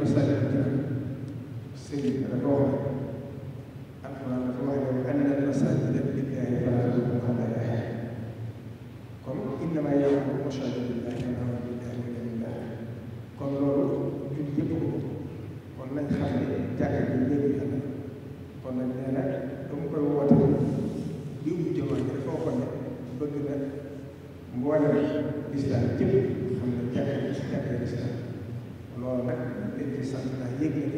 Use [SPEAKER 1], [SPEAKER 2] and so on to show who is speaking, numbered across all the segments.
[SPEAKER 1] المسألة السيد الروحي أخبر الروحي أن المساجد لله فلا تزورها لا يحل قل إنما يعبد مشاهد الله كما بالله ولا بالله قل له يجيبه قل من خلق تعب الذي أنا قل من أنا دم كل وطن يوم جمال فوق بدنا مبارك إسلام جب خلنا تعب إسلام إسلام الله في صف الله يجني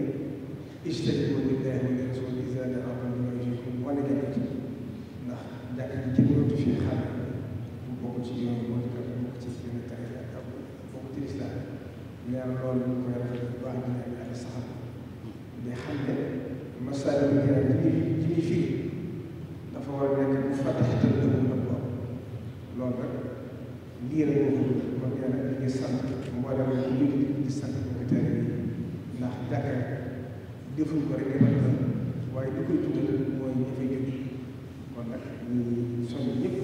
[SPEAKER 1] اجتنبوا لله ولرسول إزالة أمر ويجيكم ولا جنة ndax da nga jëmul ci xam bu bokku ci yoon bu ko bokku ci seen taxé ak bokku ci islam ñaan loolu ñu koy rafet bu am na ak saxam di xam ne masala bi nga ni ni fi dafa war nekk bu fatah te du ko bokk loolu rek lii rek ko ko ñaan ak di sant mboolem ñu di sant ko téré ndax jàkka defuñ ko rek defal ko waaye li koy tuddal mooy ñi fay jóg kon nag ñu soñ ñëpp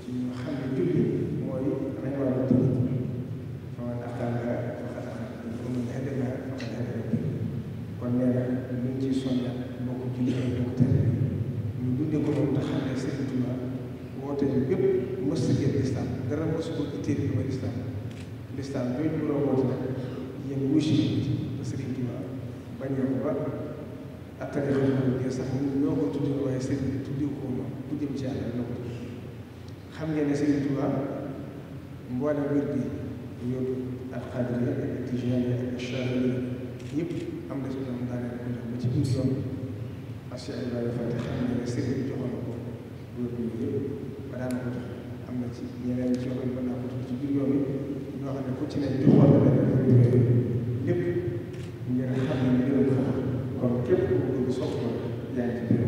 [SPEAKER 1] ci ñu mooy nañ war a tudd faman axtaanka faqad axtaanka kon dundee ko noonu te xam ne Sëriñ Tuuba woote ñu bépp mës a jël lislaam dara mës ko itteel lu ma lislaam lislaam jooju bu la woote nag yéen wusi bañee ba attali xam-xam bi sax ñoo ko tuddee waaye bi tuddee ko moom bu jëm ci yàlla ñoo ko tuddee xam ngeen ne sëriñ Tuubaa mboole wér bi ñoom alxaadiriya ak ak chaadiriya yëpp am na ci ñoom daanaka ko jox ba ci biir yoon parce que ay bari fàtte xam ngeen ne sëriñ bi joxoon na ko wér bi yëpp ba daan ko jox am na ci ñeneen ci yoo xam ne mën naa ko ci biir yoon yi ñoo xam ne ci ne joxoon na lépp ngir than